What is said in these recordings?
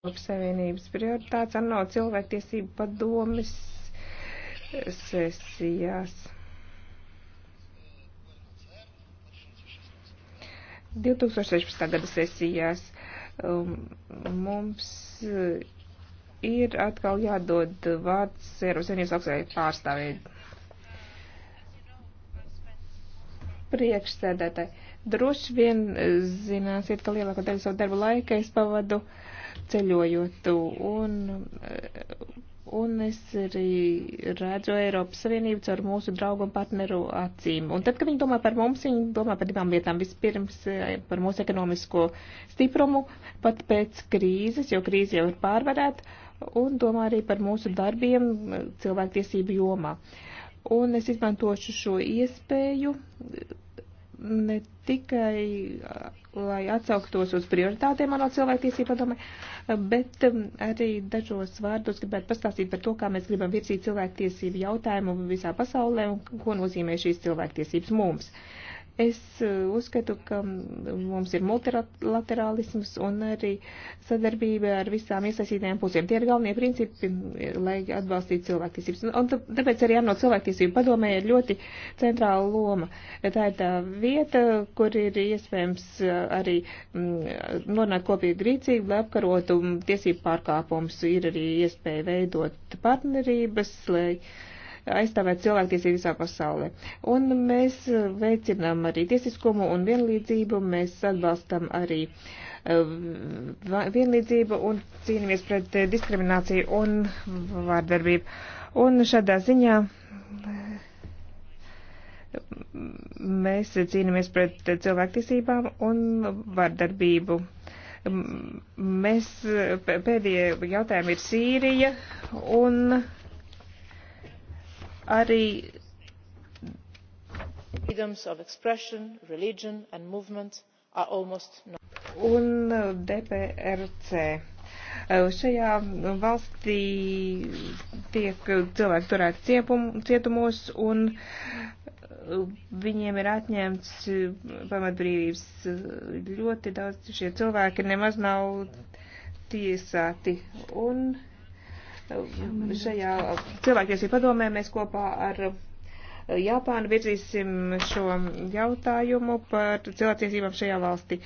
Eiropas Savienības prioritātes ANO cilvēktiesību padomis sesijās. 2016. gada sesijās um, mums uh, ir atkal jādod vārds Eiropas Savienības augstajai pārstāvēji. Priekšsēdētāji, droši vien uh, zināsiet, ka lielāko daļu savu darbu laika es pavadu uh, ceļojot, un, un es arī redzu Eiropas Savienību caur mūsu draugu un partneru acīm. Un tad, kad viņi domā par mums, viņi domā par divām lietām. Vispirms eh, par mūsu ekonomisko stiprumu, pat pēc krīzes, jo krīze jau ir pārvarēta, un domā arī par mūsu darbiem eh, cilvēktiesību jomā. Un es izmantošu šo iespēju ne tikai, lai atsauktos uz prioritātiem ANO cilvēktiesību padomē, bet um, arī dažos vārdos gribētu pastāstīt par to, kā mēs gribam virzīt cilvēktiesību jautājumu visā pasaulē un ko nozīmē šīs cilvēktiesības mums. Uh, Es uh, uzskatu, ka mums ir multilaterālisms un arī sadarbība ar visām iesaistītajām pusēm. Tie ir galvenie principi, lai atbalstītu cilvēktiesības. Un tāpēc arī ANO cilvēktiesību padomē ir ļoti centrāla loma. Tā ir tā vieta, kur ir iespējams uh, arī mm, norunāt kopīgu rīcību, lai apkarotu tiesību pārkāpumus. Ir arī iespēja veidot partnerības, lai aizstāvēt cilvēktiesību visā pasaulē. Un mēs eh, veicinām arī tiesiskumu un vienlīdzību, mēs atbalstam arī eh, vienlīdzību un cīnāmies pret eh, diskrimināciju un vārdarbību. Un šādā ziņā mm, mēs cīnāmies pret cilvēktiesībām un vārdarbību. Mm, mēs pēdējie jautājumi ir Sīrija un arī un DPRC. Uh, šajā valstī tiek cilvēki turēti cietumos un uh, viņiem ir atņemts uh, pamatbrīvības. Ļoti daudz šie cilvēki nemaz nav tiesāti. Un Šajā cilvēktiesību padomē mēs kopā ar uh, Japānu virzīsim šo jautājumu par cilvēktiesībām šajā valstī.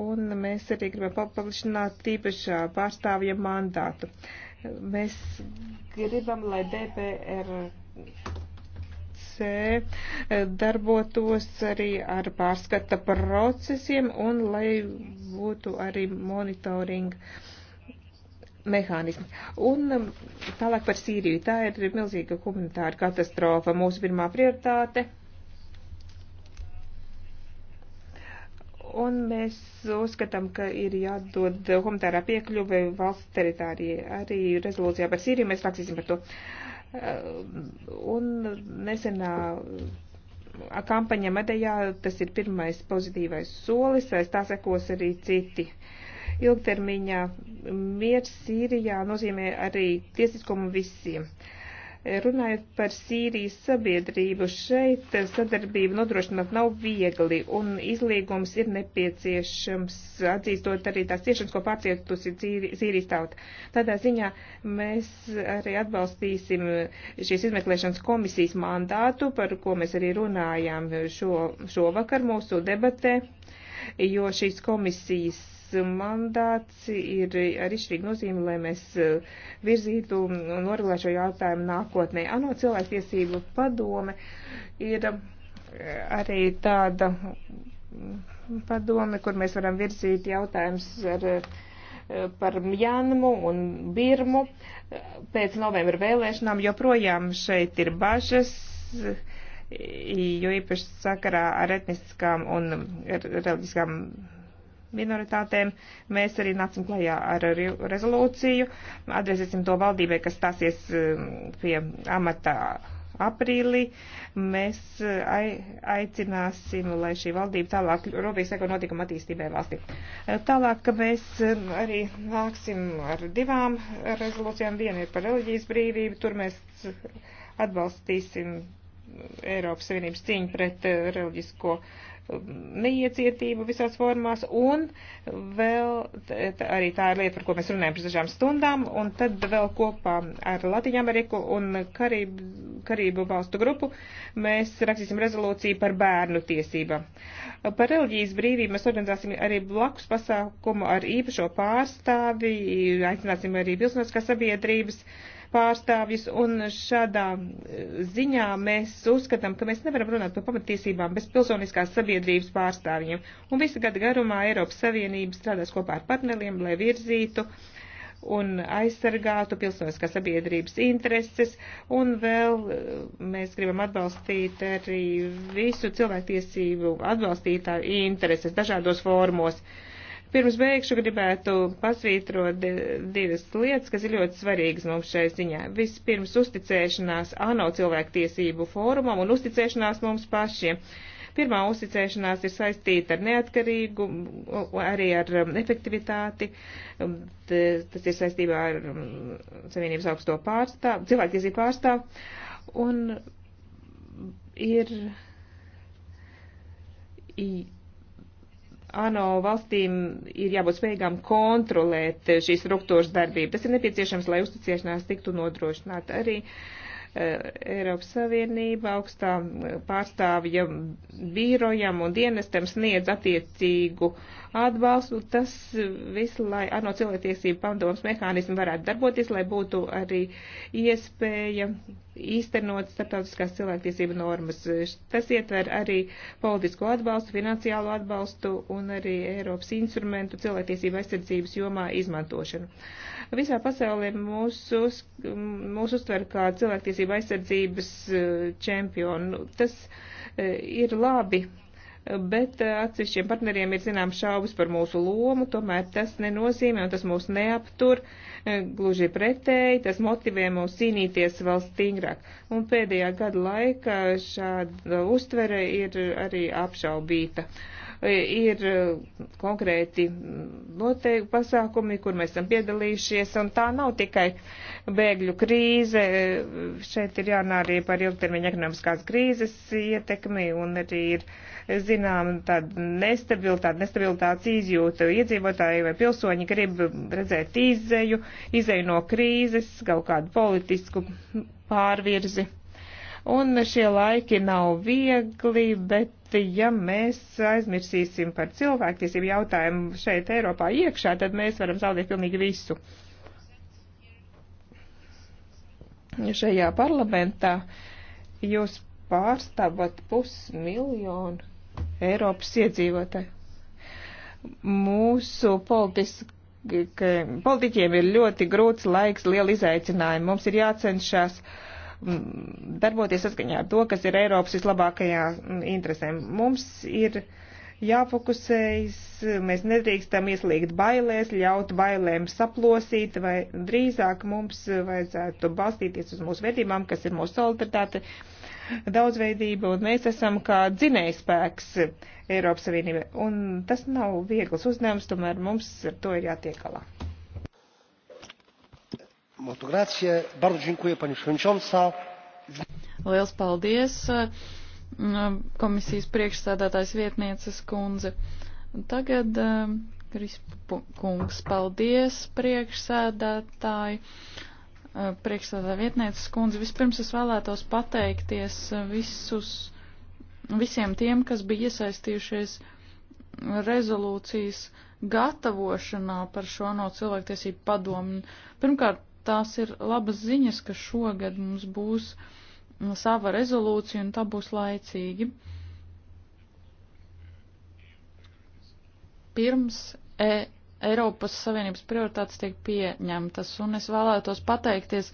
Un mēs arī gribam paplašināt īpašā pārstāvja mandātu. Mēs gribam, lai DPRC eh, darbotos arī ar pārskata procesiem un lai būtu arī monitoringa mehānismi. Un um, tālāk par Sīriju. Tā ir milzīga humanitāra katastrofa. Mūsu pirmā prioritāte. Un mēs uzskatām, ka ir jādod humanitārā piekļuve valsts teritorijai. Arī rezolūcijā par Sīriju mēs rakstīsim par to. Uh, un nesenā kampaņa medējā tas ir pirmais pozitīvais solis, aiz tā sekos arī citi. Uh, Ilgtermiņā miers Sīrijā nozīmē arī tiesiskumu visiem. Runājot par Sīrijas sabiedrību, šeit sadarbību nodrošināt nav viegli, un izlīgums ir nepieciešams, atzīstot arī tās ciešanas, ko pārcietusi Sīrijas tauta. Tādā ziņā mēs arī atbalstīsim šīs izmeklēšanas komisijas mandātu, par ko mēs arī runājām šo, šovakar mūsu debatē. Uh, jo šīs komisijas mandāts ir ar izšķirīgu nozīmi, lai mēs e, virzītu un noregulētu šo jautājumu nākotnē. ANO cilvēktiesību padome ir e, arī tāda padome, kur mēs varam virzīt jautājumus ar e, par Mjanmu un Birmu pēc novembra vēlēšanām joprojām šeit ir bažas, jo īpaši sakarā ar etniskām un reliģiskām minoritātēm. Mēs arī nācam klajā ar rezolūciju, adresēsim to valdībai, kas stāsies um, pie amata aprīlī. Mēs uh, aicināsim, lai šī valdība tālāk rūpīgi seko notikuma attīstībai valstī. Uh, tālāk, ka mēs um, arī nāksim ar divām rezolūcijām. Viena ir par reliģijas brīvību, tur mēs atbalstīsim Eiropas Savienības cīņu pret eh, reliģisko eh, neiecietību visās formās, un vēl tā, arī tā ir lieta, par ko mēs runājam pēc dažām stundām, un tad vēl kopā ar Latviju Ameriku un Karību, Karību valstu grupu mēs rakstīsim rezolūciju par bērnu tiesībām. Par reliģijas brīvību mēs organizāsim arī blakus pasākumu ar īpašo pārstāvi, aicināsim arī pilsoniskās sabiedrības. Uh, pārstāvjus, un šādā e, ziņā mēs uzskatām, ka mēs nevaram runāt par pamatiesībām bez pilsoniskās sabiedrības pārstāvjiem. Un visu gadu garumā Eiropas Savienība strādās kopā ar partneriem, lai virzītu un aizsargātu pilsoniskās sabiedrības intereses, un vēl e, mēs gribam atbalstīt arī visu cilvēktiesību atbalstītāju intereses dažādos formos. Uh, Pirms beigšu gribētu pasvītrot divas lietas, kas ir ļoti svarīgas mums šai ziņā. Vispirms uzticēšanās ANO cilvēktiesību fórumam un uzticēšanās mums pašiem. Pirmā uzticēšanās ir saistīta ar neatkarīgu, arī ar um, efektivitāti. Um, tas ir saistībā ar um, Savienības augsto pārstāvu, cilvēktiesību pārstāvu. Un ir ANO valstīm ir jābūt spējīgām kontrolēt šīs struktūras darbību. Tas ir nepieciešams, lai uzticēšanās tiktu nodrošināta arī eh, Eiropas Savienība augstā eh, pārstāvja bīrojam un dienestam sniedz attiecīgu atbalstu. Tas viss, lai ANO cilvēktiesību padoms mehānismi varētu darboties, lai būtu arī iespēja īstenot starptautiskās cilvēktiesība normas. Tas ietver arī politisko atbalstu, finansiālo atbalstu un arī Eiropas instrumentu cilvēktiesība aizsardzības jomā izmantošanu. Visā pasaulē mūs, uz, mūs uztver kā cilvēktiesība aizsardzības eh, čempionu. Tas eh, ir labi bet eh, atsevišķiem partneriem ir zinām šaubas par mūsu lomu, tomēr tas nenozīmē un tas mūs neaptur, eh, gluži pretēji, tas motivē mūs cīnīties vēl stingrāk. Un pēdējā gada laikā šāda uztvere ir arī apšaubīta. E, ir e, konkrēti noteikti pasākumi, kur mēs esam piedalījušies, un tā nav tikai bēgļu krīze. E, šeit ir jārunā arī par ilgtermiņa ekonomiskās krīzes ietekmi, un arī ir uh, zinām tādu nestabilitāti, nestabilitātes izjūtu. Iedzīvotāji vai pilsoņi grib redzēt izēju, izēju no krīzes, kaut kādu politisku pārvirzi. Un šie laiki nav viegli, bet ja mēs aizmirsīsim par cilvēktiesību jautājumu šeit Eiropā iekšā, tad mēs varam zaudēt pilnīgi visu. Šajā parlamentā jūs pārstāvat pusmiljonu Eiropas iedzīvotāji. Mūsu politiski ka politiķiem ir ļoti grūts laiks, liela izaicinājuma. Mums ir jācenšas mm, darboties saskaņā ar to, kas ir Eiropas vislabākajā mm, interesēm. Mums ir jāfokusējas, mēs nedrīkstam ieslīgt bailēs, ļaut bailēm saplosīt, vai drīzāk mums vajadzētu balstīties uz mūsu vērtībām, kas ir mūsu solidaritāte. Uh, daudzveidība, un mēs esam kā dzinējspēks Eiropas Savienībai. Un tas nav viegls uzdevums, tomēr mums ar to ir jātiek galā. Liels paldies, mm, komisijas priekšsēdētājs vietnieces kundze. Tagad mm, Krispu kungs, paldies priekšsēdētāji. Eh, priekšstādā vietnētas kundze. Vispirms es vēlētos pateikties eh, visus, visiem tiem, kas bija iesaistījušies rezolūcijas gatavošanā par šo no cilvēktiesību padomu. Pirmkārt, tās ir labas ziņas, ka šogad mums būs mm, sava rezolūcija un tā būs laicīgi. Pirms e Eiropas Savienības prioritātes tiek pieņemtas, un es vēlētos pateikties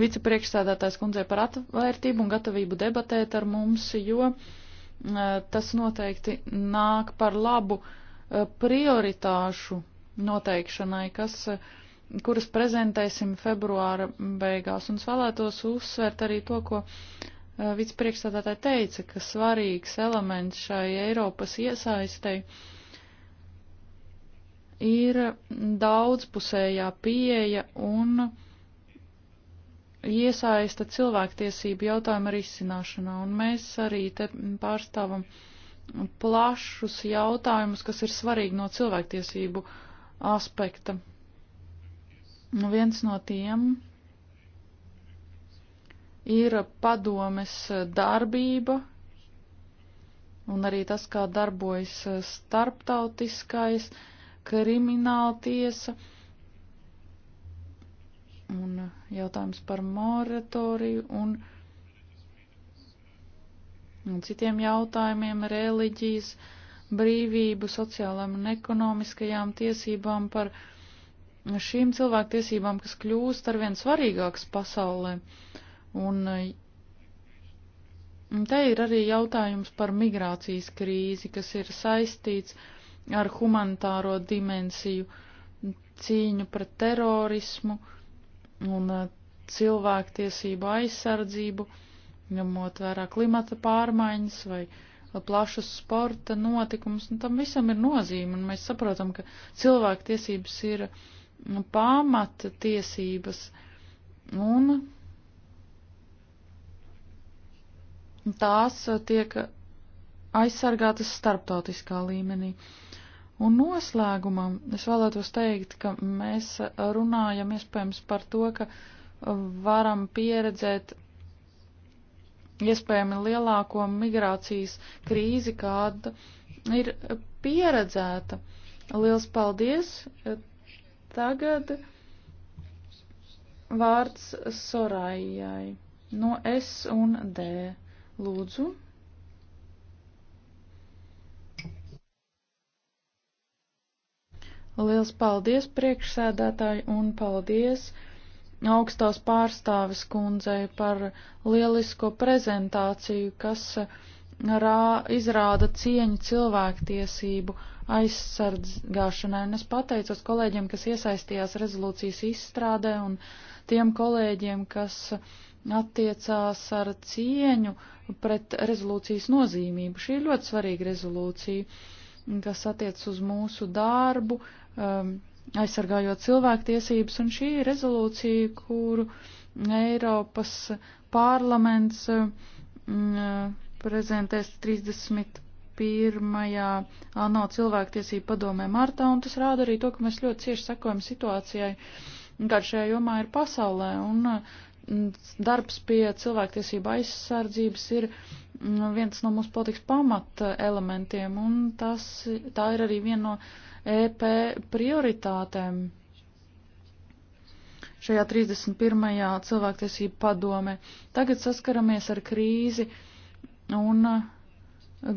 vicepriekšsēdētājs kundzei par atvērtību un gatavību debatēt ar mums, jo eh, tas noteikti nāk par labu eh, prioritāšu noteikšanai, kas, eh, kuras prezentēsim februāra beigās. Un es vēlētos uzsvērt arī to, ko vicepriekšsēdētāji teica, ka svarīgs elements šai Eiropas iesaistei ir daudzpusējā pieeja un iesaista cilvēktiesību jautājumu risināšanā, un mēs arī te pārstāvam plašus jautājumus, kas ir svarīgi no cilvēktiesību aspekta. Viens no tiem ir padomes darbība un arī tas, kā darbojas starptautiskais uh, krimināla tiesa. Un jautājums par moratoriju un, un citiem jautājumiem reliģijas brīvību, sociālām un ekonomiskajām tiesībām, par šīm cilvēktiesībām, kas kļūst arvien svarīgākas pasaulē. Un te ir arī jautājums par migrācijas krīzi, kas ir saistīts ar ar humanitāro dimensiju, cīņu pret terorismu un eh, cilvēktiesību aizsardzību, ņemot vērā klimata pārmaiņas vai plašus sporta notikumus, un nu, tam visam ir nozīme, un mēs saprotam, ka cilvēktiesības ir nu, pamata tiesības, un tās tiek aizsargātas starptautiskā līmenī. Uh, Un noslēgumam es vēlētos teikt, ka mēs runājam iespējams par to, ka varam pieredzēt iespējami lielāko migrācijas krīzi, kāda ir pieredzēta. Liels paldies! Tagad vārds Sorājai no S un D. Lūdzu! Liels paldies priekšsēdētāji un paldies augstās pārstāves kundzei par lielisko prezentāciju, kas uh, rā, izrāda cieņu cilvēktiesību aizsardzgāšanai. Un es pateicos kolēģiem, kas iesaistījās rezolūcijas izstrādē un tiem kolēģiem, kas attiecās ar cieņu pret rezolūcijas nozīmību. Šī ir ļoti svarīga rezolūcija, kas attiec uz mūsu darbu, uh, um, aizsargājot cilvēktiesības, un šī ir rezolūcija, kuru Eiropas parlaments um, prezentēs 30 pirmajā ANO cilvēktiesību padomē martā, un tas rāda arī to, ka mēs ļoti cieši sekojam situācijai, kāda šajā jomā ir pasaulē, un mm, darbs pie cilvēktiesība aizsardzības ir mm, viens no mūsu politikas pamata elementiem, un tas, tā ir arī viena no EP prioritātēm šajā 31. cilvēktiesību padome. Tagad saskaramies ar krīzi un uh,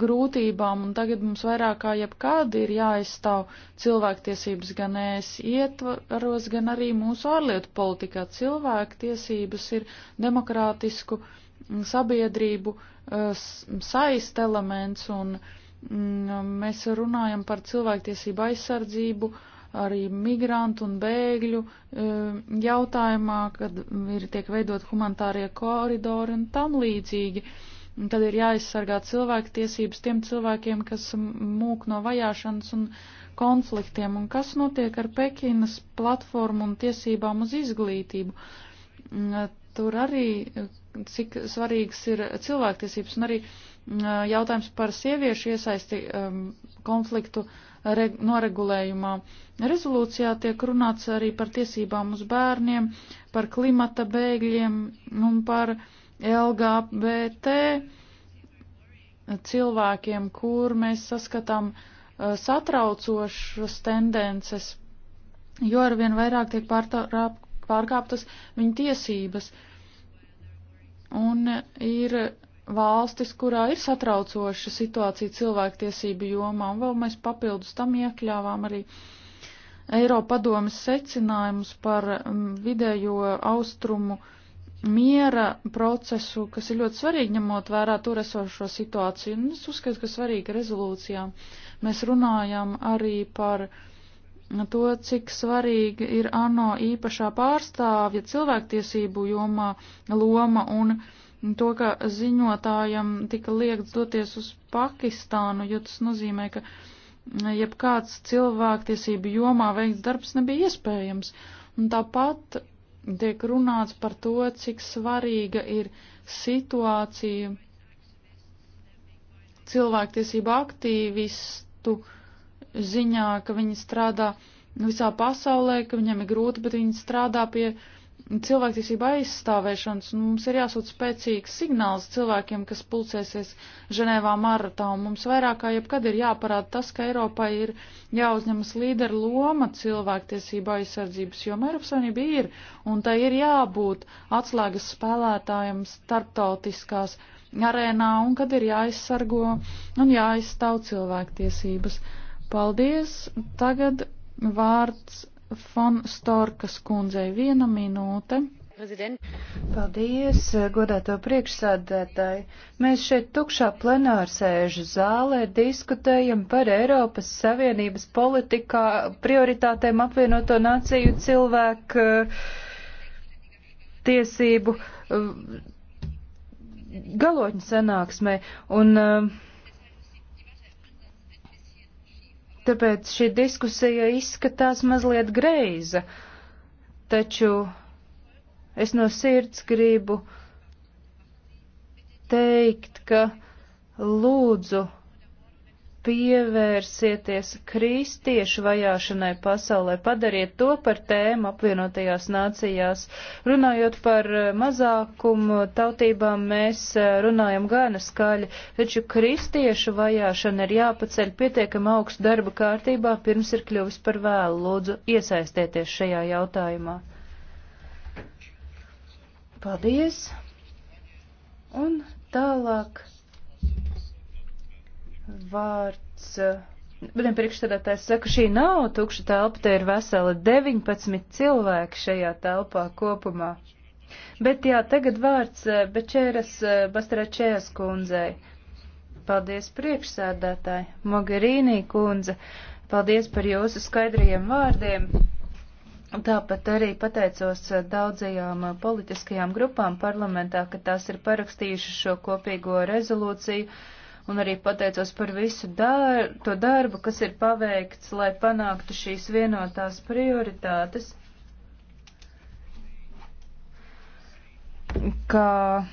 grūtībām, un tagad mums vairāk kā jebkādi ir jāizstāv cilvēktiesības gan es ietvaros, gan arī mūsu ārlietu politikā. Cilvēktiesības ir demokrātisku mm, sabiedrību uh, saist elements un uh, Mm, mēs runājam par cilvēktiesību aizsardzību arī migrantu un bēgļu eh, jautājumā, kad ir tiek veidot humanitārie koridori un tam līdzīgi. Un tad ir jāaizsargā cilvēku tiesības tiem cilvēkiem, kas mūk no vajāšanas un konfliktiem. Un kas notiek ar Pekinas platformu un tiesībām uz izglītību? Mm, tur arī cik svarīgs ir cilvēktiesības un arī uh, jautājums par sieviešu iesaisti um, konfliktu re, noregulējumā. Rezolūcijā tiek runāts arī par tiesībām uz bērniem, par klimata bēgļiem un par LGBT cilvēkiem, kur mēs saskatām uh, satraucošas tendences, jo arvien vairāk tiek pārkāptas viņa tiesības. Un ir valstis, kurā ir satraucoša situācija cilvēktiesību jomā, un vēl mēs papildus tam iekļāvām arī Eiropadomes secinājumus par mm, vidējo austrumu miera procesu, kas ir ļoti svarīgi ņemot vērā tur esošo situāciju. Un es uzskatu, ka svarīga rezolūcijā mēs runājam arī par to, cik svarīga ir ANO īpašā pārstāvja cilvēktiesību jomā loma un loma to, ka ziņotājam tika liegts doties uz Pakistānu, jo tas nozīmē, ka mm, jebkāds cilvēktiesību jomā veikts darbs nebija iespējams. Un tāpat tiek runāts par to, cik svarīga ir situācija cilvēktiesību aktīvistu ziņā, ka viņi strādā visā pasaulē, ka viņiem ir grūti, bet viņi strādā pie uh, cilvēktiesība aizstāvēšanas, un mums ir jāsūt spēcīgs signāls cilvēkiem, kas pulcēsies Ženēvā maratā, un mums vairāk kā jebkad ir jāparāda tas, ka Eiropai ir jāuzņemas līderu loma cilvēktiesība aizsardzības, jo Eiropas Savienība ir, un tai ir jābūt atslēgas spēlētājiem starptautiskās arēnā, un kad ir jāaizsargo un jāaizstāv cilvēktiesības. Paldies! Tagad vārds Fon Storkas kundzei viena minūte. Prezident. Paldies, godāto priekšsādātāji. Mēs šeit tukšā plenārsēžu zālē diskutējam par Eiropas Savienības politikā prioritātēm apvienoto nāciju cilvēku eh, tiesību eh, galotņu sanāksmē. Un, uh, Tāpēc šī diskusija izskatās mazliet greiza, taču es no sirds gribu teikt, ka lūdzu pievērsieties kristiešu vajāšanai pasaulē, padariet to par tēmu apvienotajās nācijās. Runājot par eh, mazākumu tautībām, mēs eh, runājam gana skaļi, taču kristiešu vajāšana ir jāpaceļ pietiekam augstu darba kārtībā, pirms ir kļuvis par vēlu. Lūdzu, iesaistieties šajā jautājumā. Paldies! Un tālāk Vārds. Eh, budem priekšstādātājs saka, šī nav tukša telpa, te ir vesela 19 cilvēki šajā telpā kopumā. Bet jā, tagad vārds eh, Bečēras eh, Bastarečējas kundzei. Paldies priekšsēdētāji, Mogherīnī kundze, paldies par jūsu skaidrajiem vārdiem. Tāpat arī pateicos daudzajām politiskajām grupām parlamentā, ka tās ir parakstījušas šo kopīgo rezolūciju un arī pateicos par visu dar to darbu, kas ir paveikts, lai panāktu šīs vienotās prioritātes. Kā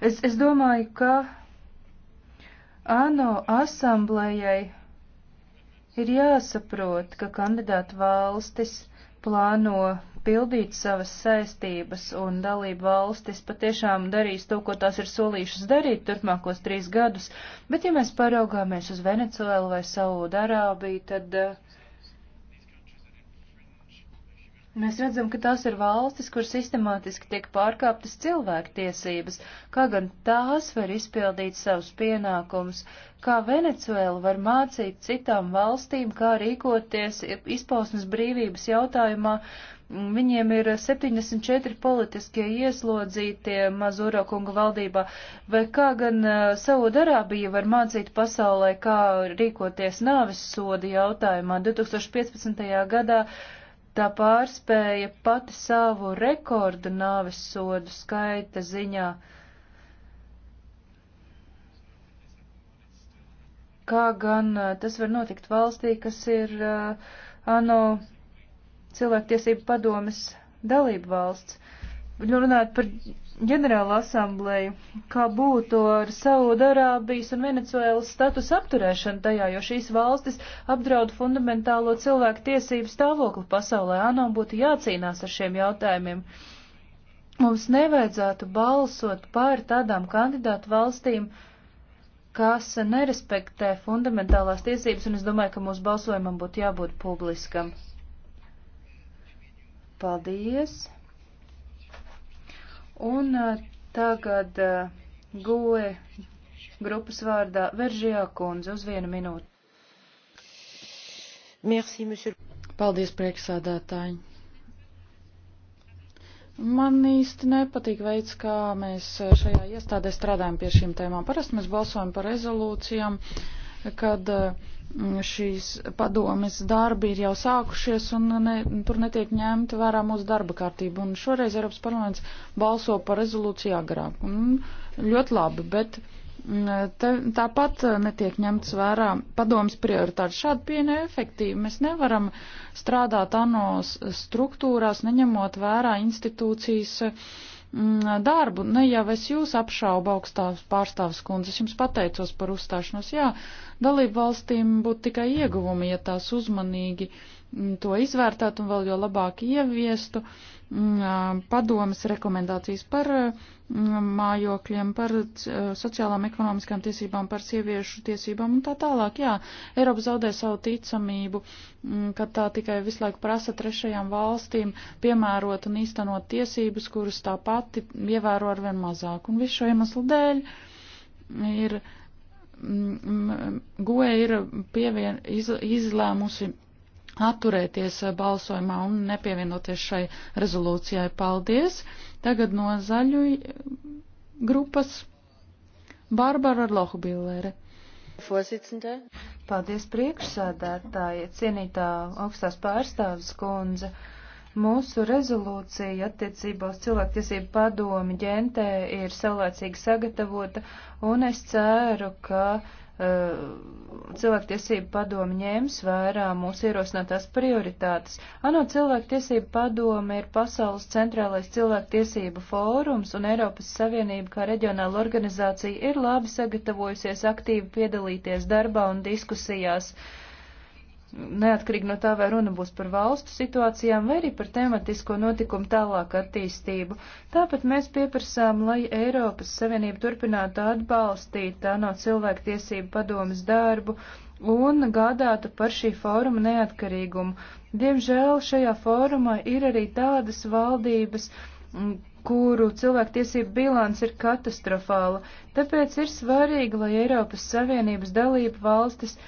es, es domāju, ka ANO asamblējai ir jāsaprot, ka kandidātu valstis plāno pildīt savas saistības un dalību valstis patiešām darīs to, ko tās ir solījušas darīt turpmākos trīs gadus, bet ja mēs paraugāmies uz Venecuēlu vai Saudarābiju, tad uh, Mēs redzam, ka tās ir valstis, kur sistemātiski tiek pārkāptas cilvēktiesības, kā gan tās var izpildīt savus pienākumus, kā Venecuēla var mācīt citām valstīm, kā rīkoties izpausmes brīvības jautājumā. Viņiem ir 74 politiskie ieslodzītie Mazuro kunga valdībā, vai kā gan uh, Saudarābija var mācīt pasaulē, kā rīkoties nāves soda jautājumā 2015. gadā tā pārspēja pati savu rekordu nāves sodu skaita ziņā. Kā gan tas var notikt valstī, kas ir uh, ANO cilvēktiesību padomes dalību valsts? Runājot par ģenerāla asambleja, kā būtu ar Saudarābijas un Venecuēlas status apturēšanu tajā, jo šīs valstis apdraud fundamentālo cilvēku tiesību stāvokli pasaulē. ANO būtu jācīnās ar šiem jautājumiem. Mums nevajadzētu balsot par tādām kandidātu valstīm, kas nerespektē fundamentālās tiesības, un es domāju, ka mūsu balsojumam būtu jābūt publiskam. Paldies! Un uh, tagad uh, goe grupas vārdā Veržijā kundze uz vienu minūti. Merci, monsieur. Paldies, priekšsādātāji. Man īsti nepatīk veids, kā mēs šajā iestādē strādājam pie šīm tēmām. Parasti mēs balsojam par rezolūcijām, kad uh, Mm, šīs padomes darbi ir jau sākušies un ne, tur netiek ņemta vērā mūsu darba kārtība. Un šoreiz Eiropas parlaments balso par rezolūciju agrāk. Un ļoti labi, bet mm, te, tāpat netiek ņemts vērā padomes prioritāti. Šādi pieeja neefektīvi. Mēs nevaram strādāt ANO struktūrās, neņemot vērā institūcijas Mm, darbu. Ne jau es jūs apšaubu augstās pārstāvis kundze, es jums pateicos par uzstāšanos. Jā, dalību valstīm būtu tikai ieguvumi, ja tās uzmanīgi Mm, to izvērtētu un vēl jo labāk ieviestu mm, padomas rekomendācijas par mm, mājokļiem, par sociālām ekonomiskām tiesībām, par sieviešu tiesībām un tā tālāk. Jā, Eiropa zaudē savu ticamību, ka tā tikai visu laiku prasa trešajām valstīm piemērot un īstenot tiesības, kuras tā pati ievēro arvien mazāk. Un visu šo iemeslu dēļ ir. Goe ir pievien, iz, izlēmusi atturēties eh, balsojumā un nepievienoties šai rezolūcijai. Paldies! Tagad no zaļu eh, grupas Barbara Lohbillere. Paldies priekšsēdētāji, cienītā augstās pārstāvis kundze. Mūsu rezolūcija attiecībā uz cilvēktiesību padomi ģentē ir saulēcīgi sagatavota, un es ceru, ka uh, Uh, cilvēktiesību padomi ņēms vērā mūsu ierosinātās prioritātes. ANO cilvēktiesību padomi ir pasaules centrālais cilvēktiesību fórums, un Eiropas Savienība kā reģionāla organizācija ir labi sagatavojusies aktīvi piedalīties darbā un diskusijās. Uh, neatkarīgi no tā, vai runa būs par valstu situācijām vai arī par tematisko notikumu tālāku attīstību. Tāpat mēs pieprasām, lai Eiropas Savienība turpinātu atbalstīt tā no cilvēktiesību padomas darbu un gādātu par šī fóruma neatkarīgumu. Diemžēl šajā fórumā ir arī tādas valdības, kuru cilvēktiesību bilants ir katastrofāla, tāpēc ir svarīgi, lai Eiropas Savienības dalību valstis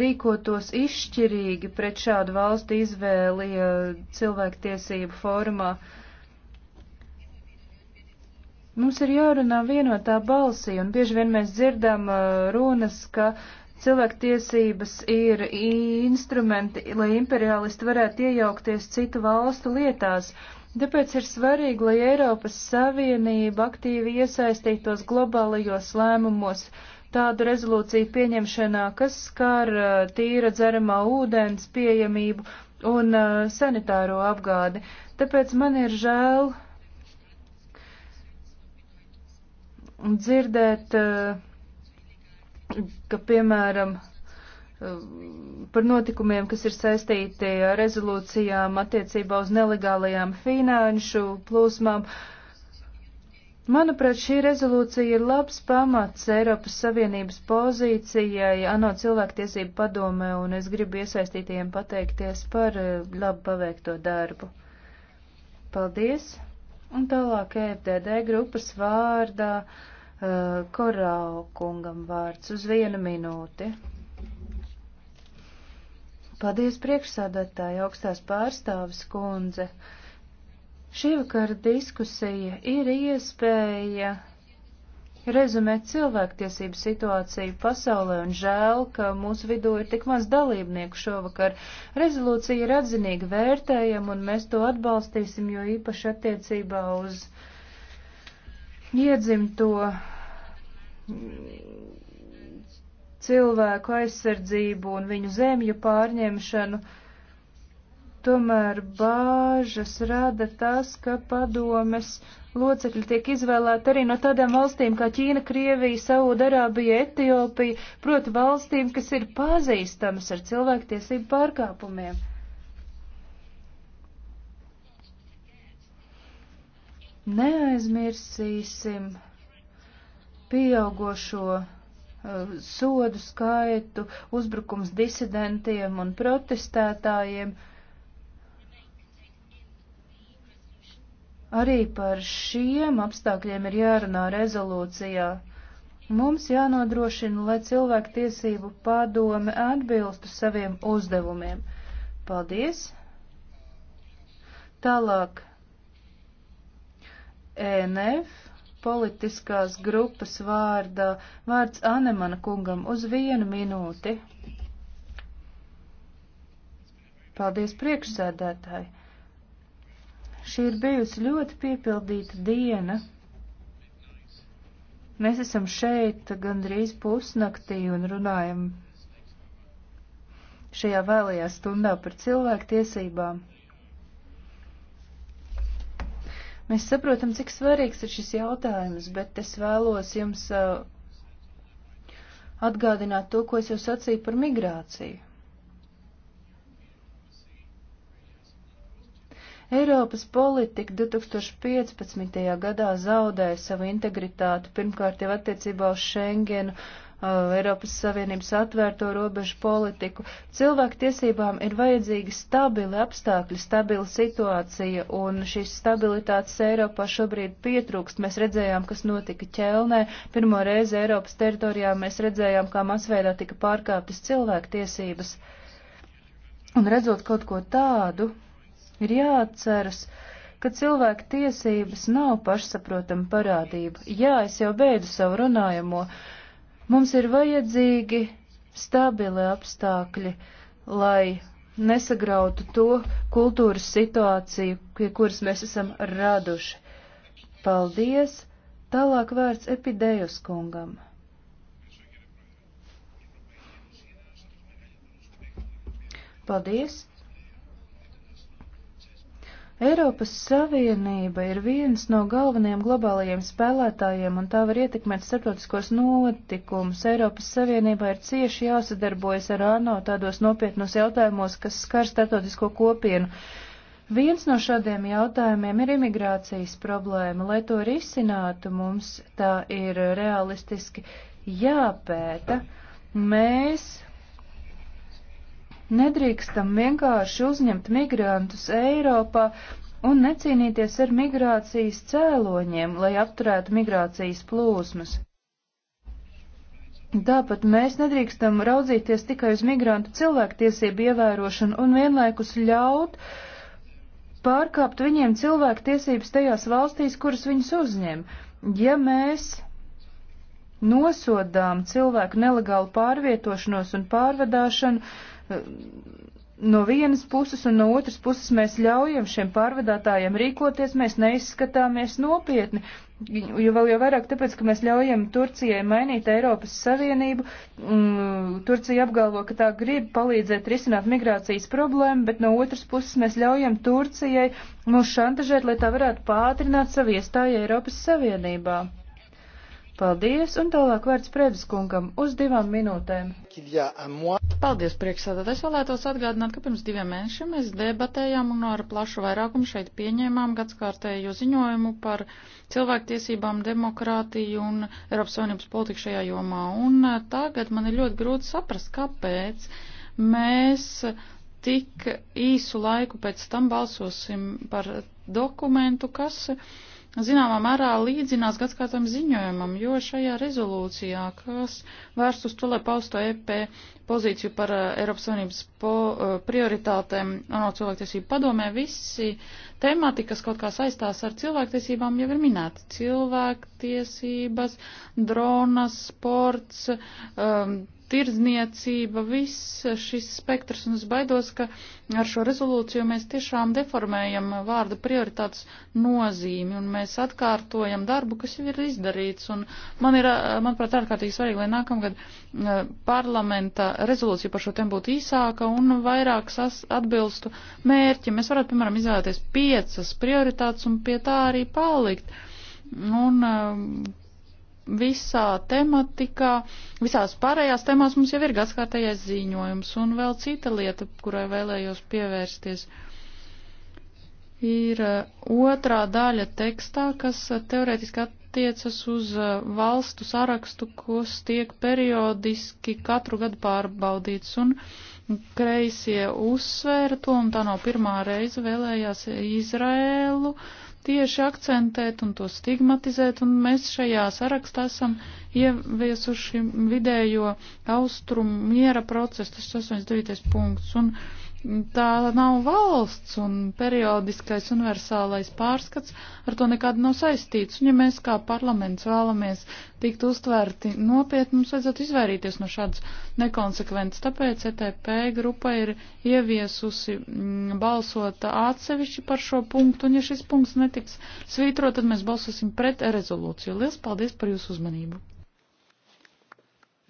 rīkotos izšķirīgi pret šādu valstu izvēli eh, cilvēktiesību formā. Mums ir jārunā vienotā balsī, un bieži vien mēs dzirdam eh, runas, ka cilvēktiesības ir instrumenti, lai imperialisti varētu iejaukties citu valstu lietās. Tāpēc ir svarīgi, lai Eiropas Savienība aktīvi iesaistītos globālajos lēmumos, uh, tādu rezolūciju pieņemšanā, kas skar uh, tīra dzeramā ūdens pieejamību un uh, sanitāro apgādi. Tāpēc man ir žēl dzirdēt, uh, ka, piemēram, par notikumiem, kas ir saistīti ar rezolūcijām attiecībā uz nelegālajām finanšu plūsmām, uh, Manuprāt, šī rezolūcija ir labs pamats Eiropas Savienības pozīcijai ANO cilvēktiesību padomē, un es gribu iesaistītajiem pateikties par eh, labu paveikto darbu. Paldies! Un tālāk e FDD grupas vārdā uh, Korau kungam vārds uz vienu minūti. Paldies priekšsādātāji augstās pārstāvis kundze. Uh, Šīvakar diskusija ir iespēja rezumēt cilvēktiesību situāciju pasaulē un žēl, ka mūsu vidū ir tik maz dalībnieku šovakar. Rezolūcija ir atzinīgi vērtējama un mēs to atbalstīsim, jo īpaši attiecībā uz iedzimto cilvēku aizsardzību un viņu zemju pārņemšanu. Tomēr bāžas rada tas, ka padomes locekļi tiek izvēlēti arī no tādām valstīm kā Ķīna, Krievija, Saudarābija, Etiopija, proti valstīm, kas ir pazīstamas ar cilvēktiesību pārkāpumiem. Neaizmirsīsim pieaugošo uh, sodu skaitu, uzbrukums disidentiem un protestētājiem. Arī par šiem apstākļiem ir jārunā rezolūcijā. Mums jānodrošina, lai cilvēku tiesību padome atbilstu saviem uzdevumiem. Paldies! Tālāk ENF politiskās grupas vārdā vārds Anemana kungam uz vienu minūti. Paldies priekšsēdētāji! Šī ir bijusi ļoti piepildīta diena. Mēs esam šeit gandrīz pusnaktī un runājam šajā vēlajā stundā par cilvēktiesībām. Mēs saprotam, cik svarīgs ir šis jautājums, bet es vēlos jums uh, atgādināt to, ko es jau sacīju par migrāciju. Eiropas politika 2015. gadā zaudēja savu integritāti, pirmkārt jau attiecībā uz Schengenu, uh, Eiropas Savienības atvērto robežu politiku. Cilvēku tiesībām ir vajadzīgi stabili apstākļi, stabila situācija, un šīs stabilitātes Eiropā šobrīd pietrūkst. Mēs redzējām, kas notika ķelnē. Pirmo reizi Eiropas teritorijā mēs redzējām, kā masveidā tika pārkāptas cilvēku tiesības. Un redzot kaut ko tādu, Ir jāatceras, ka cilvēku tiesības nav pašsaprotama parādība. Jā, es jau beidu savu runājamo. Mums ir vajadzīgi stabili apstākļi, lai nesagrautu to kultūras situāciju, pie kuras mēs esam raduši. Paldies! Tālāk vērts epidējus kungam. Paldies! Eiropas Savienība ir viens no galvenajiem globālajiem spēlētājiem, un tā var ietekmēt starptautiskos notikumus. Eiropas Savienībā ir cieši jāsadarbojas ar ANO tādos nopietnos jautājumos, kas skar starptautisko kopienu. Viens no šādiem jautājumiem ir imigrācijas problēma. Lai to risinātu, mums tā ir realistiski jāpēta. Mēs Nedrīkstam vienkārši uzņemt migrantus Eiropā un necīnīties ar migrācijas cēloņiem, lai apturētu migrācijas plūsmas. Tāpat mēs nedrīkstam raudzīties tikai uz migrantu cilvēktiesību ievērošanu un vienlaikus ļaut pārkāpt viņiem cilvēktiesības tajās valstīs, kuras viņus uzņem. Ja mēs nosodām cilvēku nelegālu pārvietošanos un pārvedāšanu, no vienas puses un no otras puses mēs ļaujam šiem pārvadātājiem rīkoties, mēs neizskatāmies nopietni, jo vēl jau vairāk tāpēc, ka mēs ļaujam Turcijai mainīt Eiropas Savienību. Uh, Turcija apgalvo, ka tā grib palīdzēt risināt migrācijas problēmu, bet no otras puses mēs ļaujam Turcijai mūs šantažēt, lai tā varētu pātrināt savu iestāju Eiropas Savienībā. Paldies, un tālāk vērts Prēdiskungam uz divām minūtēm. Paldies, priekšsēdāt. Es vēlētos atgādināt, ka pirms diviem mēnešiem mēs debatējām un ar plašu vairākumu šeit pieņēmām gadskārtējo ziņojumu par cilvēktiesībām, demokrātiju un Eiropas Savienības politiku šajā jomā. Un eh, tagad man ir ļoti grūti saprast, kāpēc mēs tik īsu laiku pēc tam balsosim par dokumentu, kas zināmā mērā līdzinās gadskārtam ziņojumam, jo šajā rezolūcijā, kas vērst uz to, lai pausto EP pozīciju par uh, Eiropas Savienības po, uh, prioritātēm ANO cilvēktiesību padomē, visi temati, kas kaut kā saistās ar cilvēktiesībām, jau ir minēti. Cilvēktiesības, dronas, sports, um, tirdzniecība, viss šis spektrs, un es baidos, ka ar šo rezolūciju mēs tiešām deformējam vārda prioritātes nozīmi, un mēs atkārtojam darbu, kas jau ir izdarīts, un man ir, manuprāt, ārkārtīgi svarīgi, lai nākamgad eh, parlamenta rezolūcija par šo tēmu būtu īsāka un vairāk atbilstu mērķi. Mēs varētu, piemēram, izvēlēties piecas prioritātes un pie tā arī palikt. Un, eh, visā tematikā, visās pārējās temās mums jau ir gadskārtējais ziņojums, un vēl cita lieta, kurai vēlējos pievērsties, ir uh, otrā daļa tekstā, kas uh, teorētiski attiecas uz uh, valstu sarakstu, kas tiek periodiski katru gadu pārbaudīts, un kreisie uzsvēra to, un tā nav pirmā reize vēlējās Izrēlu. Uh, tieši akcentēt un to stigmatizēt, un mēs šajā sarakstā esam ieviesuši vidējo austrumu miera procesu, tas 89. punkts. Un, uh, tā nav valsts un periodiskais universālais pārskats ar to nekādi nav saistīts. Un ja mēs kā parlaments vēlamies tikt uztvērti nopietni, mums vajadzētu izvairīties no šādas nekonsekventas. Tāpēc ETP grupa ir ieviesusi m, mm, balsot atsevišķi par šo punktu, un ja šis punkts netiks svītrot, tad mēs balsosim pret rezolūciju. Lielas paldies par jūsu uzmanību!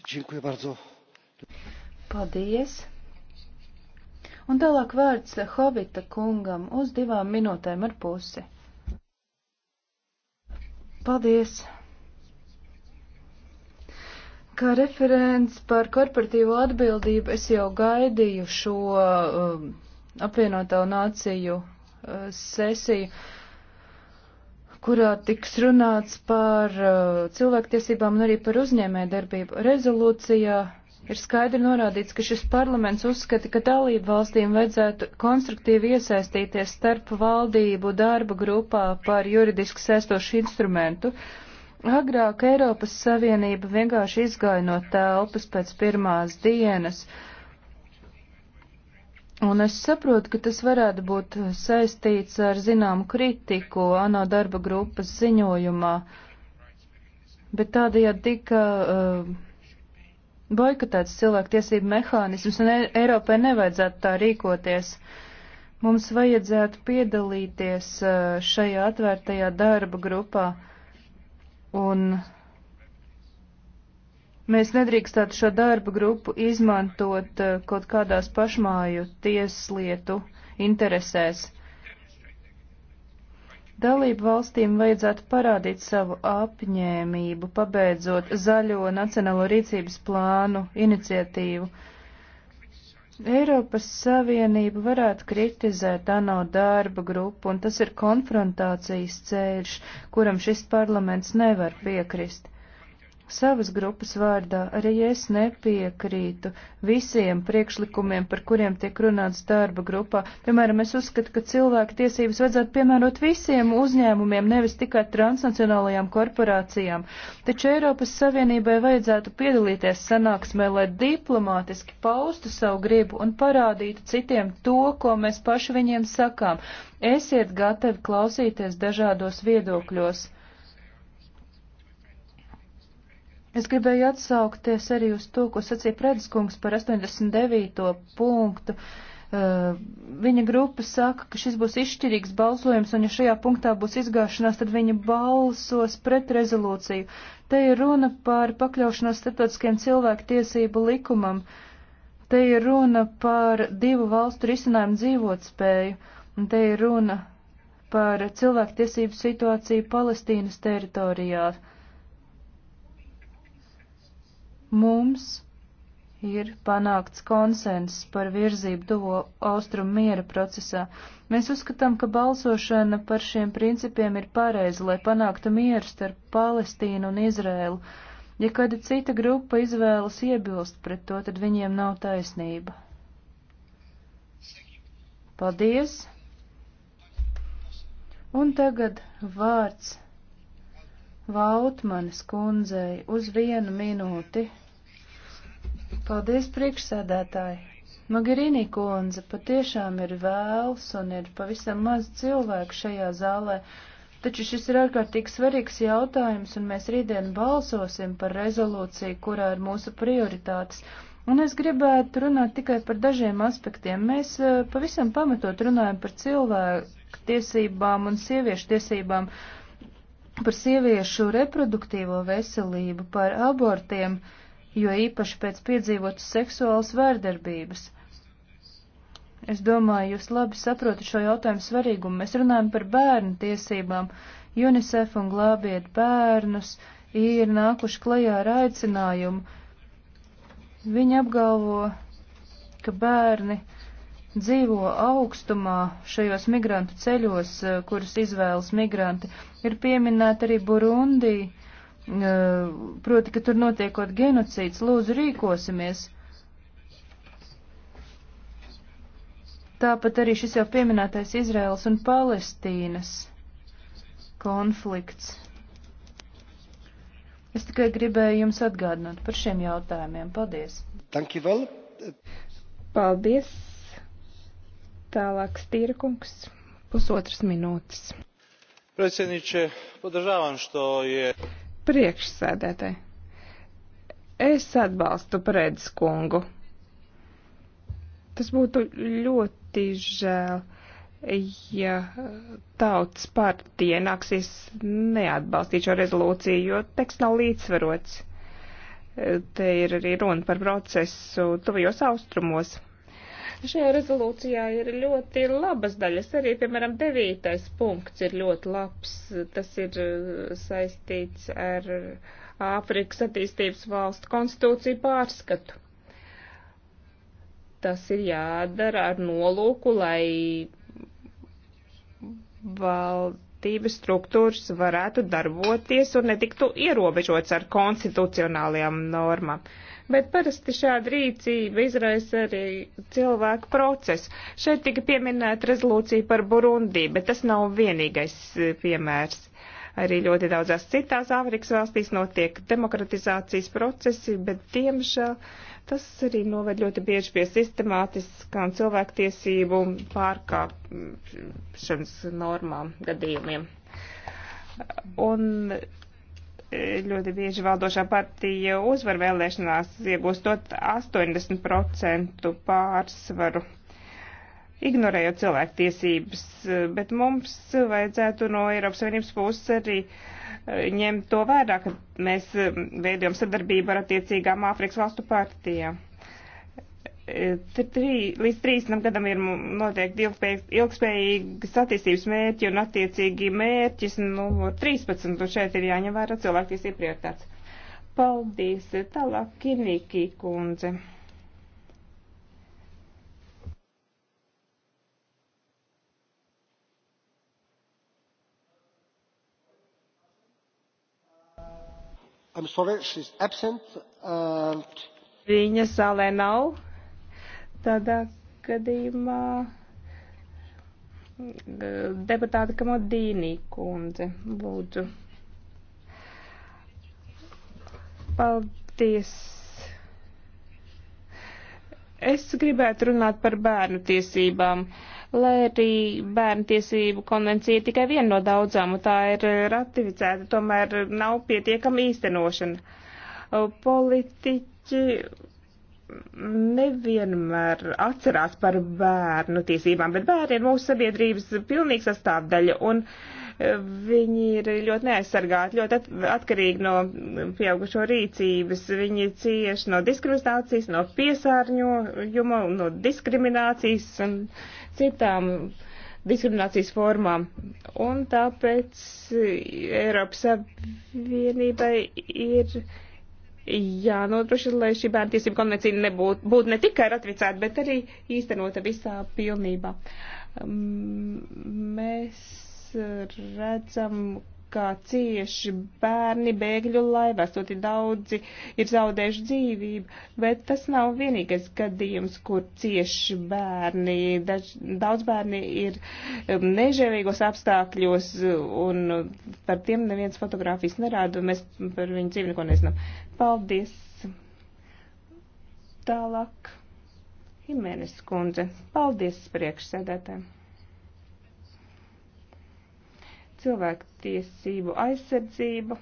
Dziękuję bardzo. Paldies. Un tālāk vārds Hobita kungam uz divām minūtēm ar pusi. Paldies! Kā referents par korporatīvo atbildību es jau gaidīju šo uh, apvienoto nāciju uh, sesiju, kurā tiks runāts par uh, cilvēktiesībām un arī par uzņēmē darbību rezolūcijā. Uh, ir skaidri norādīts, ka šis parlaments uzskata, ka dalību valstīm vajadzētu konstruktīvi iesaistīties starp valdību darba grupā par juridiski saistošu instrumentu. Agrāk Eiropas Savienība vienkārši izgāja no telpas pēc pirmās dienas. Un es saprotu, ka tas varētu būt saistīts ar zināmu kritiku ANO darba grupas ziņojumā, bet tādējādi tika uh, boikotēts cilvēktiesību mehānisms, un e- Eiropai nevajadzētu tā rīkoties. Mums vajadzētu piedalīties e, šajā atvērtajā darba grupā, un mēs nedrīkstētu šo darba grupu izmantot e, kaut kādās pašmāju tieslietu interesēs. Dalību valstīm vajadzētu parādīt savu apņēmību, pabeidzot zaļo nacionālo rīcības plānu iniciatīvu. Eiropas Savienība varētu kritizēt ANO darba grupu, un tas ir konfrontācijas ceļš, kuram šis parlaments nevar piekrist. Savas grupas vārdā arī es nepiekrītu visiem priekšlikumiem, par kuriem tiek runāts darba grupā. Piemēram, es uzskatu, ka cilvēku tiesības vajadzētu piemērot visiem uzņēmumiem, nevis tikai transnacionālajām korporācijām. Taču Eiropas Savienībai vajadzētu piedalīties sanāksmē, lai diplomātiski paustu savu gribu un parādītu citiem to, ko mēs paši viņiem sakām. Esiet gatavi klausīties dažādos viedokļos. Es gribēju atsaukties arī uz to, ko sacīja Prediskungs par 89. punktu. Uh, viņa grupa saka, ka šis būs izšķirīgs balsojums, un ja šajā punktā būs izgāšanās, tad viņa balsos pret rezolūciju. Te ir runa par pakļaušanos starptautiskiem cilvēku tiesību likumam. Te ir runa par divu valstu risinājumu dzīvotspēju, un te ir runa par cilvēku tiesību situāciju Palestīnas teritorijās. Mums ir panākts konsens par virzību tuvo austrumu miera procesā. Mēs uzskatām, ka balsošana par šiem principiem ir pareiza, lai panāktu mieru starp Palestīnu un Izrēlu. Ja kāda cita grupa izvēlas iebilst pret to, tad viņiem nav taisnība. Paldies! Un tagad vārds Vautmanis kundzei uz vienu minūti. Paldies, priekšsēdētāji! Magarīnī kundze patiešām ir vēls un ir pavisam maz cilvēku šajā zālē, taču šis ir ārkārtīgi svarīgs jautājums, un mēs rītdien balsosim par rezolūciju, kurā ir mūsu prioritātes. Un es gribētu runāt tikai par dažiem aspektiem. Mēs e, pavisam pamatot runājam par cilvēku tiesībām un sieviešu tiesībām, par sieviešu reproduktīvo veselību, par abortiem. Uh, jo īpaši pēc piedzīvotas seksuālas vārdarbības. Es domāju, jūs labi saprotat šo jautājumu svarīgumu. Mēs runājam par bērnu tiesībām. UNICEF un glābiet bērnus ir nākuši klajā ar aicinājumu. Viņi apgalvo, ka bērni dzīvo augstumā šajos migrantu ceļos, eh, kurus izvēlas migranti. Ir pieminēta arī Burundija proti, ka tur notiekot genocīds, lūdzu rīkosimies. Tāpat arī šis jau pieminētais Izraels un Palestīnas konflikts. Es tikai gribēju jums atgādināt par šiem jautājumiem. Paldies! Paldies! Tālāk stīrkungs, pusotras minūtes. Predsjedniče, podržavam što je Priekšsēdētāji, es atbalstu Prēdis kungu. Tas būtu ļoti žēl, ja tautas partija nāksies neatbalstīt šo rezolūciju, jo teksts nav līdzsvarots. Te ir arī runa par procesu tuvajos austrumos. Šajā rezolūcijā ir ļoti labas daļas, arī, piemēram, devītais punkts ir ļoti labs, tas ir uh, saistīts ar Āfrikas attīstības valstu konstitūciju pārskatu. Tas ir jādara ar nolūku, lai valdības struktūras varētu darboties un netiktu ierobežots ar konstitucionālajām normām. Uh, bet parasti šāda rīcība izraisa arī cilvēku procesu. Šeit tika pieminēta rezolūcija par Burundi, bet tas nav vienīgais eh, piemērs. Arī ļoti daudzās citās Āfrikas valstīs notiek demokratizācijas procesi, bet diemžēl tas arī noved ļoti bieži pie sistemātiskām cilvēktiesību pārkāpšanas normām gadījumiem. Un ļoti bieži valdošā partija uzvar vēlēšanās, iegūstot 80% pārsvaru ignorējot cilvēktiesības, bet mums vajadzētu no Eiropas Savienības puses arī eh, ņemt to vērā, ka mēs eh, veidojam sadarbību ar attiecīgām Āfrikas valstu partijām. Trī, līdz 30 gadam ir noteikti ilgspējīgas attīstības mērķi un attiecīgi mērķis numur 13, un šeit ir jāņem vērā cilvēktiesība prioritātes. Paldies, tālāk Kinīkī kundze. I'm sorry, she's absent. And... Viņa salē nav. Tādā gadījumā e, deputāta Kamodīnī kundze, lūdzu. Paldies. Es gribētu runāt par bērnu tiesībām. Lai arī bērnu tiesību konvencija ir tikai viena no daudzām, un tā ir ratificēta, tomēr nav pietiekama īstenošana. Politiķi nevienmēr atcerās par bērnu tiesībām, bet bērni ir mūsu sabiedrības pilnīgs sastāvdaļa, un e, viņi ir ļoti neaizsargāti, ļoti atkarīgi no pieaugušo rīcības, viņi cieš no diskriminācijas, no piesārņojuma, no diskriminācijas un citām diskriminācijas formām. Un tāpēc Eiropas Savienībai ir jānodrošina, lai šī bērntiesība konvencija nebūtu būt ne tikai ratificēta, bet arī īstenota visā pilnībā. Um, mēs redzam, kā cieši bērni bēgļu laivās, ļoti daudzi ir zaudējuši dzīvību, bet tas nav vienīgais gadījums, kur cieši bērni, daž, daudz bērni ir um, nežēlīgos apstākļos, un par tiem neviens fotografijas nerāda, un mēs par viņu dzīvi neko nezinām. Paldies! Tālāk. Himēnes kundze. Paldies priekšsēdētājiem! cilvēku tiesību aizsardzību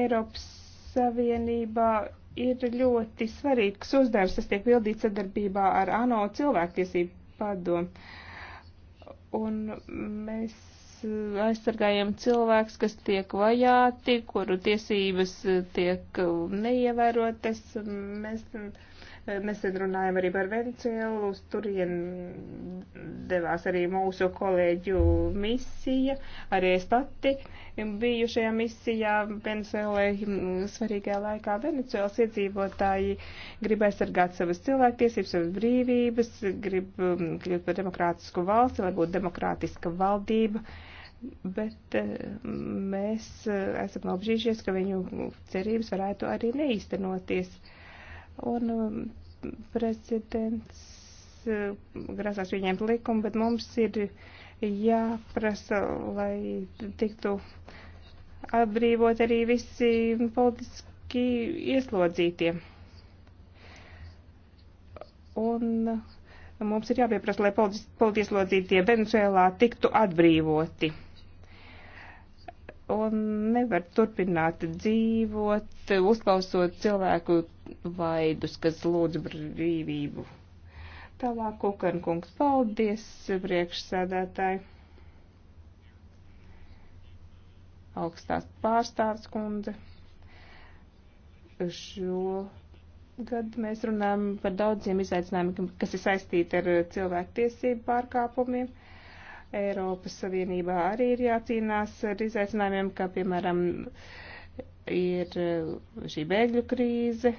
Eiropas Savienībā ir ļoti svarīgs uzdevums, tas tiek pildīts sadarbībā ar ANO cilvēktiesību padomu. Un mēs aizsargājam cilvēks, kas tiek vajāti, kuru tiesības tiek neievērotas. Mēs Nesen runājam arī par Venecijelu, uz turien devās arī mūsu kolēģu misija, arī es pati biju šajā misijā Venecijolē mm, svarīgajā laikā. Venecijāls iedzīvotāji grib aizsargāt savas cilvēktiesības, savas brīvības, grib mm, kļūt par demokrātisku valsti, lai būtu demokrātiska valdība bet eh, mēs eh, esam apžīžies, ka viņu cerības varētu arī neīstenoties un um, prezidents uh, grasās viņiem likumu, bet mums ir jāprasa, lai tiktu atbrīvot arī visi politiski ieslodzītie. Un uh, mums ir jāpieprasa, lai politieslodzītie Venezuelā tiktu atbrīvoti un nevar turpināt dzīvot, uzklausot cilvēku vaidus, kas lūdz brīvību. Tālāk, Kukankungs, paldies, priekšsēdētāji. Augstās pārstāvs kundze. Šo gadu mēs runājam par daudziem izaicinājumiem, kas ir saistīti ar cilvēku tiesību pārkāpumiem. Uh, Eiropas Savienībā arī ir jācīnās ar izaicinājumiem, kā piemēram ir uh, šī bēgļu krīze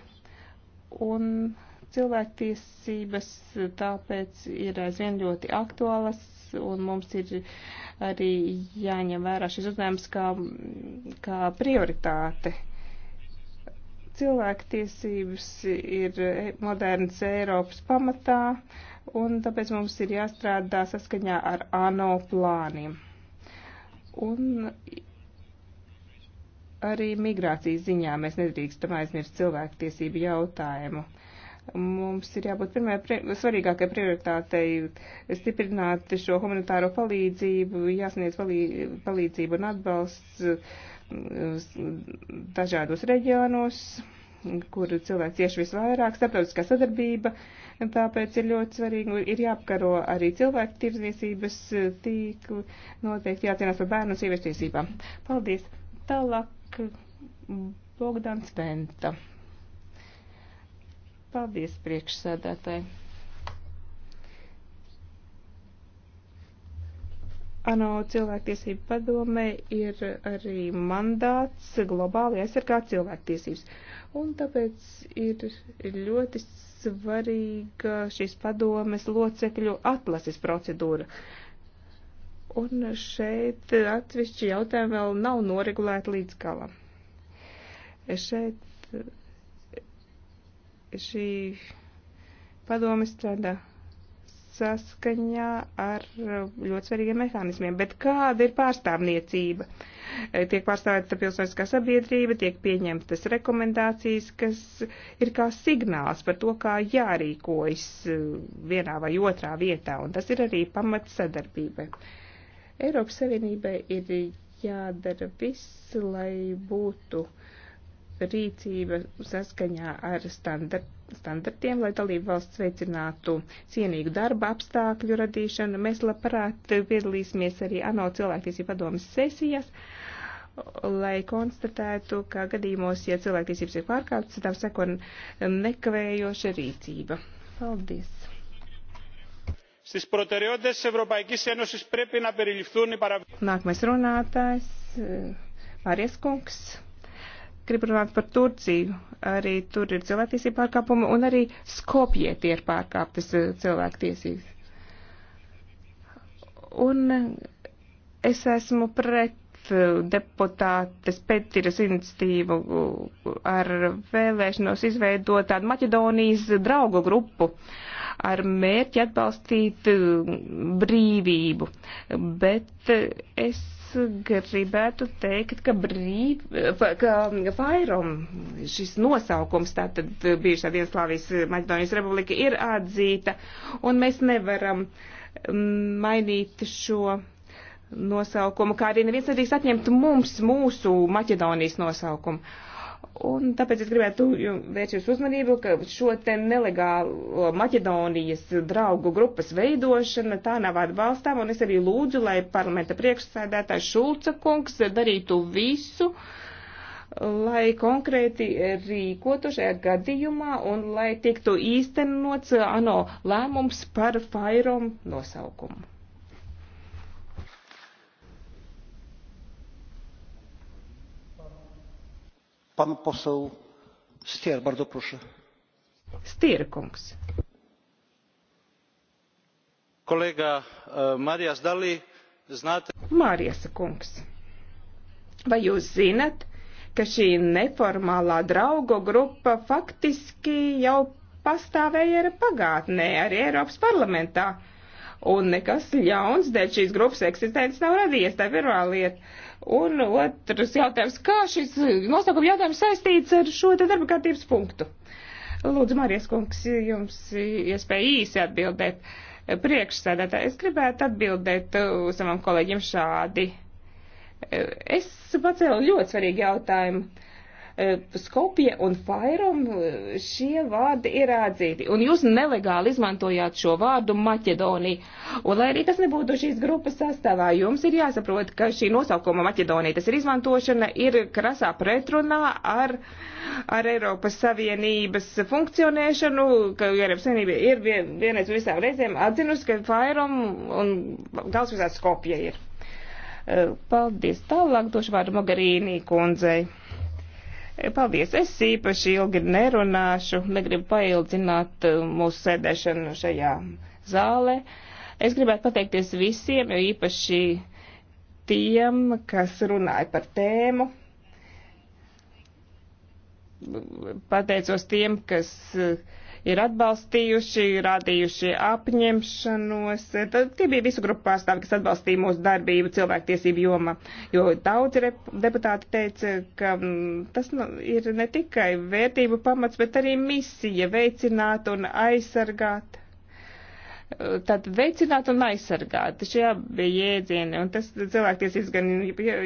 un cilvēktiesības tāpēc ir aizvien ļoti aktuālas un mums ir arī jāņem vērā šis uzdevums kā, kā prioritāte cilvēktiesības ir modernas Eiropas pamatā, un tāpēc mums ir jāstrādā saskaņā ar ANO plāniem. Un arī migrācijas ziņā mēs nedrīkstam aizmirst cilvēktiesību jautājumu. Mums ir jābūt pirmai pri svarīgākai prioritātei stiprināt šo humanitāro palīdzību, jāsniedz palī palīdzību un atbalsts mm, dažādos reģionos kur cilvēki cieši visvairāk, starptautiskā sadarbība, tāpēc ir ļoti svarīgi, ir jāapkaro arī cilvēku tirdzniecības tīkli, noteikti jācīnās par bērnu un sieviešu tiesībām. Paldies! Tālāk Bogdans Venta. Paldies priekšsēdētāji! ANO cilvēktiesību padomē ir arī mandāts globāli aizsargāt cilvēktiesības. Un tāpēc ir ļoti svarīga šīs padomes locekļu atlases procedūra. Un šeit atsevišķi jautājumi vēl nav noregulēti līdz galam. Šeit šī padome strādā saskaņā ar ļoti svarīgiem mehānismiem. Bet kāda ir pārstāvniecība? Tiek pārstāvēta pilsoniskā sabiedrība, tiek pieņemtas rekomendācijas, kas ir kā signāls par to, kā jārīkojas vienā vai otrā vietā, un tas ir arī pamats sadarbībai. Eiropas Savienībai ir jādara viss, lai būtu uh, rīcība saskaņā ar standart, standartiem, lai dalību valsts veicinātu cienīgu darba apstākļu radīšanu. Mēs labprāt piedalīsimies arī ANO cilvēktiesību padomas sesijas lai konstatētu, ka gadījumos, ja cilvēktiesības ir pārkāptas, tam seko nekavējoša rīcība. Paldies! Στις προτεραιότητες της Ευρωπαϊκής Ένωσης πρέπει να περιληφθούν οι παραβιάσεις. Nākamais runātājs, eh, Marijas kungs gribu runāt par Turciju. Arī tur ir cilvēktiesība pārkāpumi, un arī Skopjē tie ir pārkāptas eh, cilvēktiesības. Un eh, es esmu pret eh, deputātes Petiras iniciatīvu ar vēlēšanos izveidot tādu Maķedonijas draugu grupu ar mērķi atbalstīt brīvību. Bet es gribētu teikt, ka, brīv, ka Fairom šis nosaukums, tātad bijušā Dienaslāvijas Maķedonijas republika, ir atzīta, un mēs nevaram mm, mainīt šo nosaukumu, kā arī neviens nedrīkst atņemt mums mūsu Maķedonijas nosaukumu. Un tāpēc es gribētu vērst jūsu uzmanību, ka šo te nelegālo Maķedonijas draugu grupas veidošana tā nav atbalstām, un es arī lūdzu, lai parlamenta priekšsēdētājs Šulca kungs darītu visu, lai konkrēti rīkotu šajā gadījumā un lai tiktu īstenots ANO lēmums par Fairom nosaukumu. Pan poseł Stier, bardzo proszę. Stier, kungs. Kolēģa e, Marijas Dalī, znāt. Marijas kungs, vai jūs zinat, ka šī neformālā draugu grupa faktiski jau pastāvēja arī pagātnē, arī Eiropas parlamentā? Un nekas ļauns dēļ šīs grupas eksistences nav radies, tā pirmā lieta. Uh, Un otrs jautājums, kā šis nosaukuma jautājums saistīts ar šo te darba kārtības punktu? Lūdzu, Marijas kungs, jums iespēja īsi atbildēt. Priekšsēdētāji, es gribētu atbildēt uh, savam kolēģim šādi. Es pacēlu ļoti svarīgu jautājumu Eh, Skopje un Fairam eh, šie vārdi ir atzīti. Un jūs nelegāli izmantojāt šo vārdu Maķedonija. Un lai arī tas nebūtu šīs grupas sastāvā, jums ir jāsaprot, ka šī nosaukuma Maķedonija, tas ir izmantošana, ir krasā pretrunā ar, ar Eiropas Savienības funkcionēšanu, ka Eiropas Savienība ir vien, vienreiz visām reizēm atzinusi, ka Fairam un galvaspilsēta Skopje ir. Eh, paldies. Tālāk došu vārdu Mogarīnī kundzei. Paldies! Es īpaši ilgi nerunāšu, negribu paildzināt uh, mūsu sēdēšanu šajā zālē. Es gribētu pateikties visiem, jo īpaši tiem, kas runāja par tēmu. Pateicos tiem, kas uh, ir atbalstījuši, rādījuši apņemšanos. Tad tie bija visu grupu pārstāvi, kas atbalstīja mūsu darbību cilvēktiesību jomā, jo daudzi deputāti teica, ka mm, tas nu, ir ne tikai vērtību pamats, bet arī misija veicināt un aizsargāt tad veicināt un aizsargāt. Šie abi jēdzieni, un tas cilvēktiesības gan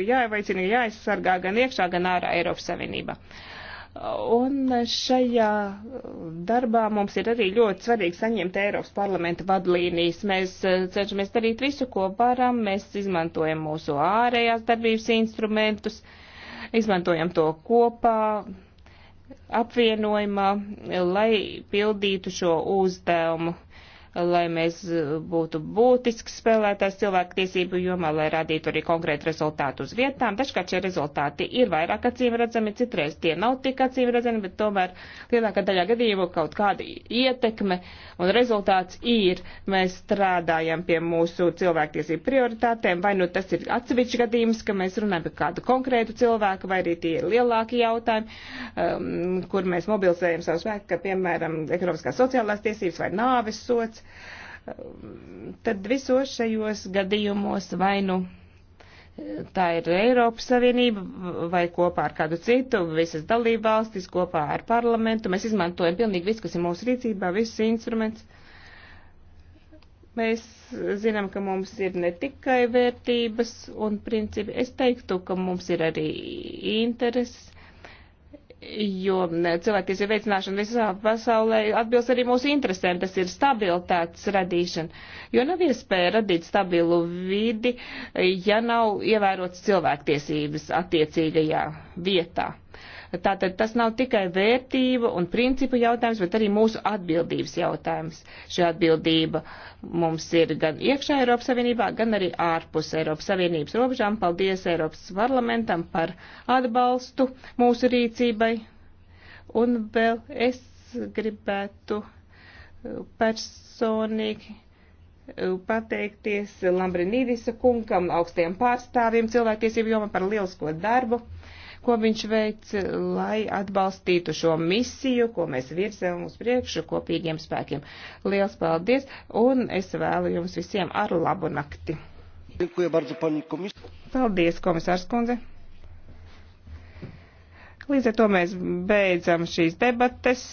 jāveicina, jāaizsargā gan iekšā, gan ārā Eiropas Savienībā. Uh, Un šajā darbā mums ir arī ļoti svarīgi saņemt Eiropas parlamenta vadlīnijas. Mēs eh, cenšamies darīt visu, ko varam. Mēs izmantojam mūsu ārējās darbības instrumentus, izmantojam to kopā, apvienojumā, lai pildītu šo uzdevumu lai mēs e, būtu būtisks spēlētājs cilvēktiesību jomā, lai radītu arī konkrētu rezultātu uz vietām. Dažkārt šie rezultāti ir vairāk acīm redzami, citreiz tie nav tik acīm redzami, bet tomēr lielākā daļā gadījumu kaut kāda ietekme un rezultāts ir. Mēs strādājam pie mūsu cilvēktiesību prioritātēm, vai nu tas ir atsevišķi gadījums, ka mēs runājam par kādu konkrētu cilvēku, vai arī tie ir lielāki jautājumi, um, kur mēs mobilizējam savu spēku, ka, piemēram, ekonomiskās sociālās tiesības vai nāves sots tad visos šajos gadījumos vainu tā ir Eiropas Savienība vai kopā ar kādu citu, visas dalībvalstis kopā ar parlamentu. Mēs izmantojam pilnīgi visu, kas ir mūsu rīcībā, visus instruments. Mēs zinām, ka mums ir ne tikai vērtības un principi. Es teiktu, ka mums ir arī intereses jo cilvēktiesību veicināšana visā pasaulē atbilst arī mūsu interesēm. Tas ir stabilitātes radīšana, jo nav iespēja radīt stabilu vidi, ja nav ievērots cilvēktiesības attiecīgajā vietā. Tātad tas nav tikai vērtība un principu jautājums, bet arī mūsu atbildības jautājums. Šī atbildība mums ir gan iekšā Eiropas Savienībā, gan arī ārpus Eiropas Savienības robežām. Paldies Eiropas parlamentam par atbalstu mūsu rīcībai. Un vēl es gribētu personīgi pateikties Lambrinīdisa kungam, augstiem pārstāvjiem cilvēktiesību jomā par lielisko darbu ko viņš veic, lai atbalstītu šo misiju, ko mēs virzam uz priekšu kopīgiem spēkiem. Liels paldies, un es vēlu jums visiem ar labu nakti. Paldies, komisārs kundze. Līdz ar to mēs beidzam šīs debates.